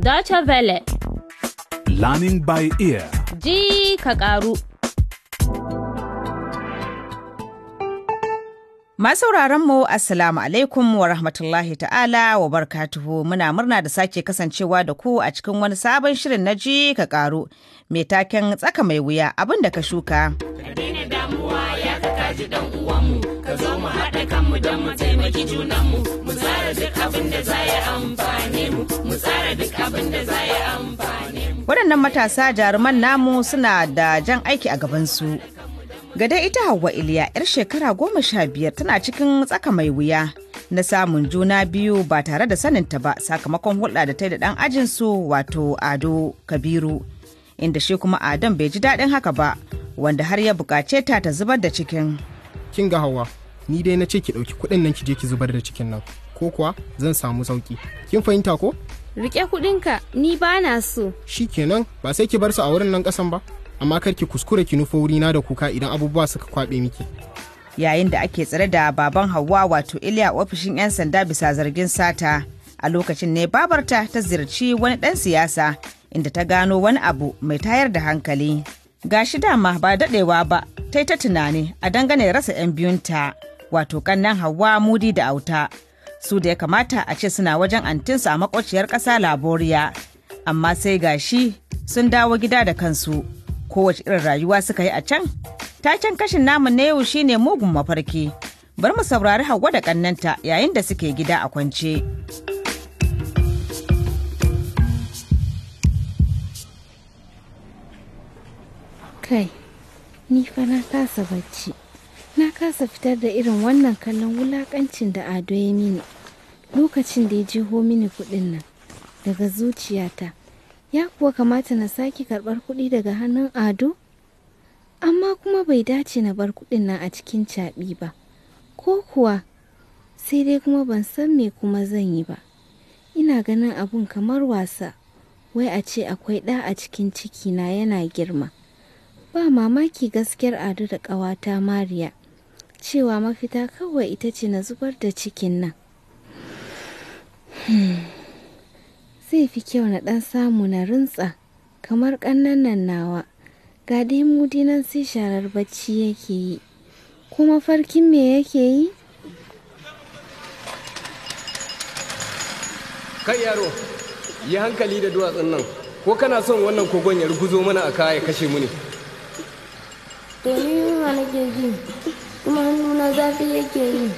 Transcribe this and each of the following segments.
Dacha Vele. Learning by ear. Ji ka ƙaru. mu Assalamu alaikum wa rahmatullahi ta'ala wa barkatuhu muna murna da sake kasancewa da ku a cikin wani sabon shirin na ji ka ƙaru mai taken tsaka mai wuya abin da ka shuka. ji dan uwanmu ka zo mu haɗa kanmu don mu taimaki junanmu mu tsara duk abin da za yi amfane mu mu tsara duk abin da za yi amfane mu waɗannan matasa jaruman namu suna da jan aiki a gabansu ga dai ita Hauwa iliya yar shekara goma sha biyar tana cikin tsaka mai wuya na samun juna biyu ba tare da saninta ba sakamakon hulɗa da ta da ɗan ajinsu wato ado kabiru inda shi kuma adam bai ji daɗin haka ba wanda har ya bukace ta ta zubar da cikin. Kin ga hawa, ni dai na ce ki ɗauki kuɗin nan ki je ki zubar da cikin nan, ko kuwa zan samu sauki. Kin fahimta ko? Rike kuɗinka, ni ba na so. Shi kenan, ba sai ki bar su a wurin nan ƙasan ba, amma kar ki kuskure ki nufo wurina da kuka idan abubuwa suka kwaɓe miki. Yayin da ake tsare da baban Hauwa wato Iliya ofishin 'yan sanda bisa zargin sata, a lokacin ne babarta ta ziyarci wani ɗan siyasa inda ta gano wani abu mai tayar da hankali. gashi dama ba daɗewa ba ta ta tunani a dangane rasa 'yan biyunta wato kannan hawa mudi da auta su da ya kamata a ce suna wajen antinsu a makwaciyar ƙasa laboriya amma sai gashi sun dawo gida da kansu kowace irin rayuwa suka yi a can ta can kashin namun na yau shine mugun mafarki bari mu saurari hawa da kannanta yayin da suke gida a kwance. Kai, ni fa na kasa bacci. Na kasa fitar da irin wannan kallon wulakancin da Ado ya mini lokacin da ya jiho mini kuɗin nan daga zuciyata. Ya kuwa kamata na sake karɓar kuɗi daga hannun Ado? Amma kuma bai dace na bar kuɗin nan a cikin caɓi ba. Ko kuwa sai dai kuma ban san me kuma zan yi ba. Ina ganin abun kamar wasa, wai a ce akwai ɗa a cikin ciki na yana girma. ba mamaki gaskiyar ado da ƙawata mariya cewa mafita kawai ita ce na zubar da cikin nan hmm, zai fi kyau na ɗan samu na rintsa kamar ƙannan nawa ga dai mudi nan sai sharar bacci yake yi kuma farkin me yake yi kai yaro yi hankali da duwatsun nan ko kana son wannan kogon ya ruguzo mana a kaya kashe mu ne domin yunwa ke ji kuma hannuna zafi yake yi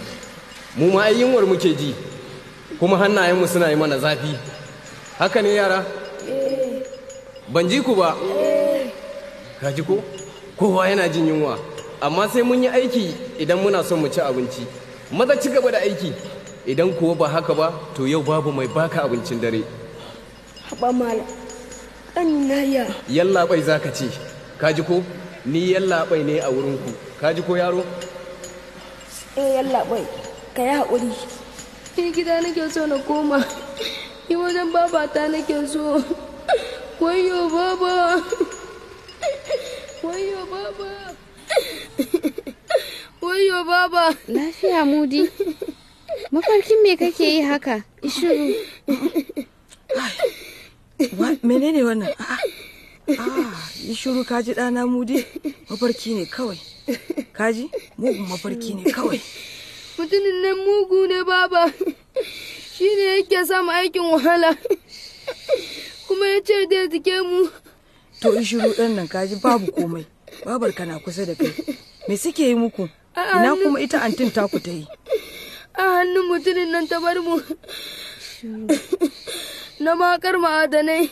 mu ma yunwar muke ji kuma hannayenmu suna yi mana zafi haka ne yara eh. ban ji ku ba eh. kaji ko kowa yana jin yunwa amma sai mun yi aiki idan muna son mu ci abinci maza ci gaba da aiki idan kuwa ba haka ba to yau babu mai baka abincin dare haɓa mala yalla bai za ka ce kaji ko ni yallaɓai ne a wurinku ka ji ko yaro eh yallaɓai ka yi haƙuri ni gida nake so na koma ni wajen babata nake so wayo baba wayo baba wayo baba lafiya mudi mafarkin me kake yi haka ishiru menene wannan a'a yi ah, shuru kaji ɗana mudi mafarki ne kawai kaji mugun mafarki ne kawai mutumin nan mugu ne baba shi ne yake samun aikin wahala kuma ya ce da jike mu to yi shuru ɗan nan kaji babu komai babar kana kusa da kai me suke yi muku ina kuma ita antin taku ta yi a hannun mutumin nan ta bar mu na makar ma'adanai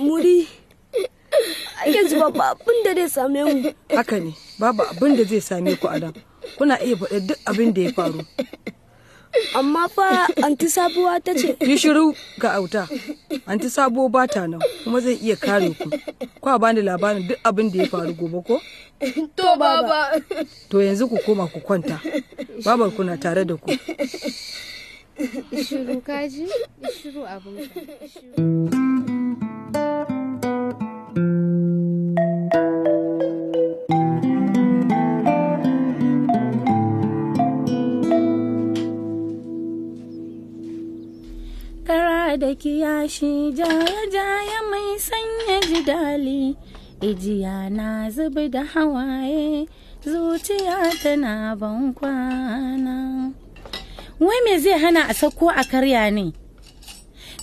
muri ake ji babu abin da zai same mu haka ne babu abin da zai same ku adam kuna iya faɗa duk abin da ya faru amma fa anti sabuwa ta ce yi shiru ga auta anti sabuwa ba ta nan kuma zai iya kare ku kwa ni labarin duk abin da ya faru gobe ko to baba to yanzu ku koma ku kwanta babar kuna tare da ku shiru kaji shiru abin shiru shi jaya-jaya mai sanya jidali ijiya na zubi da hawaye zuciya tana ban kwana wai me zai hana a sako a karya ne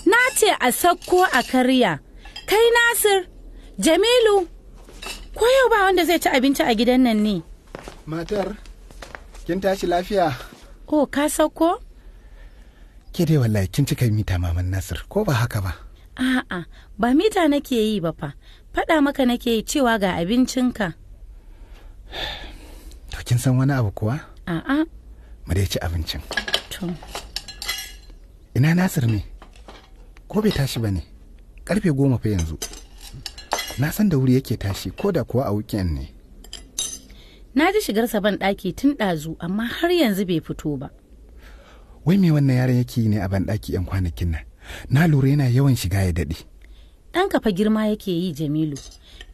na ce a sako a karya kai nasir jamilu ko yau ba wanda zai ci abinci a gidan nan ne matar kin tashi lafiya oh ka sako Ke dai wallahi kin cika mita maman Nasir ko ba haka ba? A'a, ba mita nake yi ba fa. Faɗa maka nake yi cewa ga abincinka. To kin san wani abu kuwa? A'a. Mu dai ci abincin. To. Ina Nasir ne? Ko bai tashi ba ne? Karfe goma fa yanzu. Na san da wuri yake tashi ko da kuwa a weekend ne. Na ji shigarsa ban ɗaki tun ɗazu amma har yanzu bai fito ba. wai me wannan yaron yake ne a banɗaki 'yan kwanakin nan na lura yana yawan shiga ya daɗe ɗan kafa girma yake yi jamilu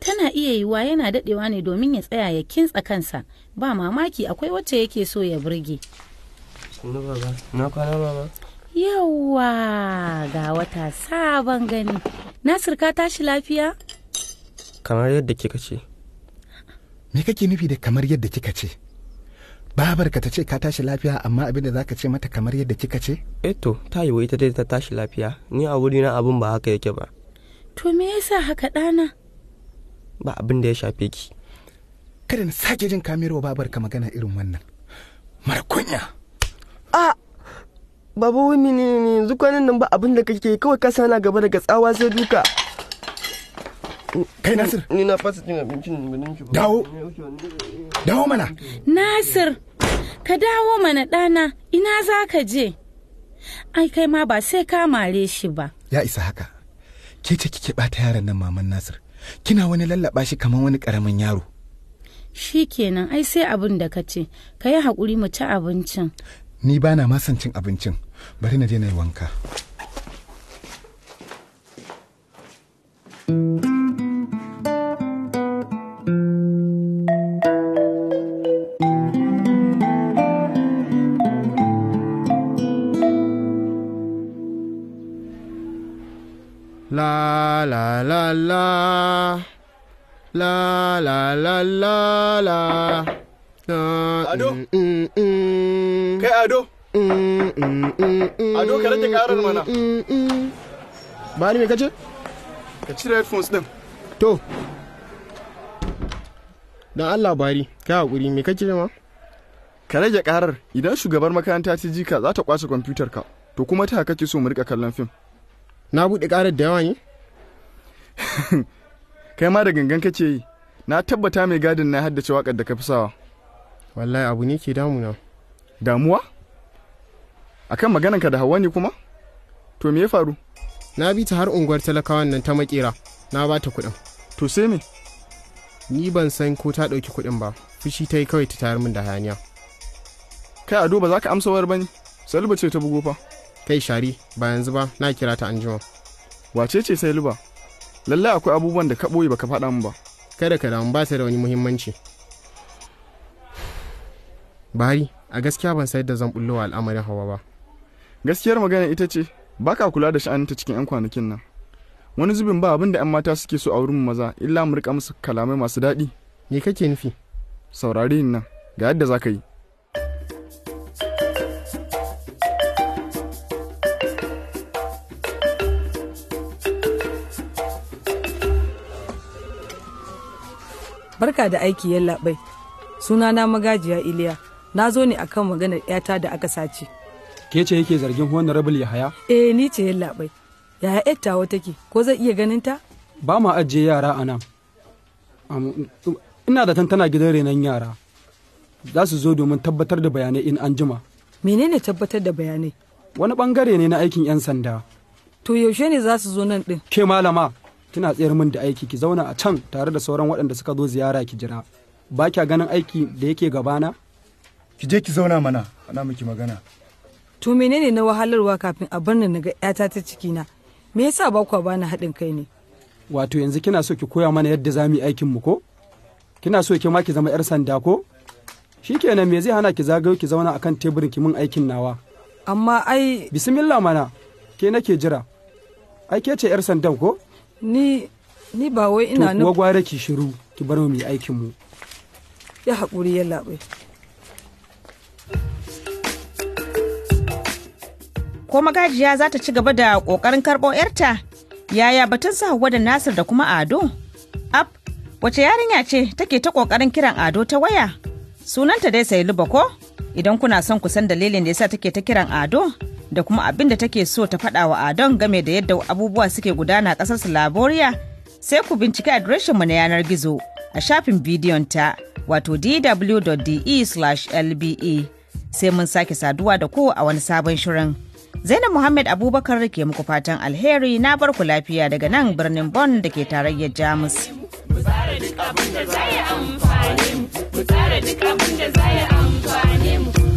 tana iya yiwa yana daɗewa ne domin ya tsaya ya kintsa kansa ba mamaki akwai wacce yake so ya burge yawwa ga wata sabon gani nasir ka tashi lafiya kamar yadda kika ce me kake nufi da kamar yadda kika ce babarka ta ce ka tashi lafiya amma abin da zaka ce mata kamar yadda kika ce eto eh ta yi ita dai ta tashi lafiya ni a wuri na abin ba haka yake ba to me yasa haka ɗana ba abin da ya shafe ki kada na sake jin babar ka magana irin wannan mara kunya a babu wani ne yanzu kwanan nan ba abin da kake kawai ka sana gaba daga tsawa sai duka kai nasir ni na fasa cin abincin ba. dawo dawo mana nasir ka dawo mana ɗana ina za ka je ai kai ma ba sai ka mare shi ba ya isa haka ke ce kike bata yaron nan maman nasir kina wani lallaba shi kamar wani karamin yaro shi kenan ai sai abin da ka ce ka yi haƙuri mu ci abincin ni ba na masan cin abincin bari na je na yi wanka la la la la la la ado mm, mm, mm. kai ado ado ka rage karar mana ba ni me kace ka cire headphones din to dan Allah bari kai hakuri me kake ma ka rage karar idan shugabar makaranta ta ji ka za ta kwace kwamfutar ka to kuma ta kake so mu rika kallon fim na buɗe karar da yawa ne kai ma da gangan kake yi na tabbata mai gadin na haddace wakar da ka fi sawa wallahi abu ne ke damuna damuwa akan maganan ka da hawa ne kuma to me ya faru na bi ta har unguwar talakawan nan ta makera na ba ta kuɗin to sai me ni ban san ko ta ɗauki kuɗin ba fushi ta yi kawai ta tayar min da hayaniya kai ado ba za ka amsa wayar bane saliba ce ta bugo fa kai shari ba yanzu ba na kira ta anjima wace ce saliba lallai akwai abubuwan da ka ɓoye baka faɗa min ba kada ka damu ba su da wani muhimmanci bari a gaskiya ban sayar da zan bullowa al'amarin hawa ba gaskiyar magana ita ce ba ka kula da sha'aninta cikin 'yan kwanakin nan wani zubin ba abin da 'yan mata suke so a wurin maza illa mu rika musu kalamai masu daɗi me kake nufi saurari ni nan ga yadda za ka yi Barka da aiki suna na magajiya Iliya. Na zo ne akan maganar 'yata da aka sace. Ke ce yake zargin Honorable Yahaya? Eh ni ce yallaɓai. Yaya wata ke? Ko zai iya ganin ta? Ba ma ajiye yara a nan. Ina da tantana gidan renon yara. Za su zo domin tabbatar da bayanai in an jima. Menene tabbatar da bayanai? Wani bangare ne na aikin 'yan sanda. To yaushe ne za su zo nan ɗin? Ke malama, kina tsayar min da aiki ki zauna a can tare da sauran waɗanda suka zo ziyara ki jira ba kya ganin aiki da yake gabana ki je ki zauna mana ana miki magana to menene na wahalarwa kafin a bar na ga yata ta ciki na me yasa ba ku bani haɗin kai ne wato yanzu kina so ki koya mana yadda zamu yi aikin mu ko kina so ki ma ki zama yar sanda ko shikenan me zai hana ki zagayo ki zauna akan teburin ki min aikin nawa amma ai bismillah mana ke nake jira ai ke ce yar sandan ko ni ni ba wai ina to kuwa gwara ki shiru ki bar mu mu aikin mu ya hakuri ya labe ko magajiya za ta ci gaba da ƙoƙarin karɓo 'yarta yaya batun su hawa da nasir da kuma ado ab wace yarinya ce take ta ƙoƙarin kiran ado ta waya sunanta dai sai luba ko idan kuna son ku san dalilin da yasa take ta kiran ado da kuma abin da take so ta faɗa wa adon game da yadda abubuwa suke gudana a ƙasar laboriya sai ku bincike adireshin mu na yanar gizo a shafin bidiyon ta wato dw.de/lbe e. sai mun sake saduwa da ku a wani sabon shirin. Zainab Muhammad Abubakar ke muku fatan alheri na barku lafiya daga nan birnin Bon da ke tarayyar Jamus. amfani mu.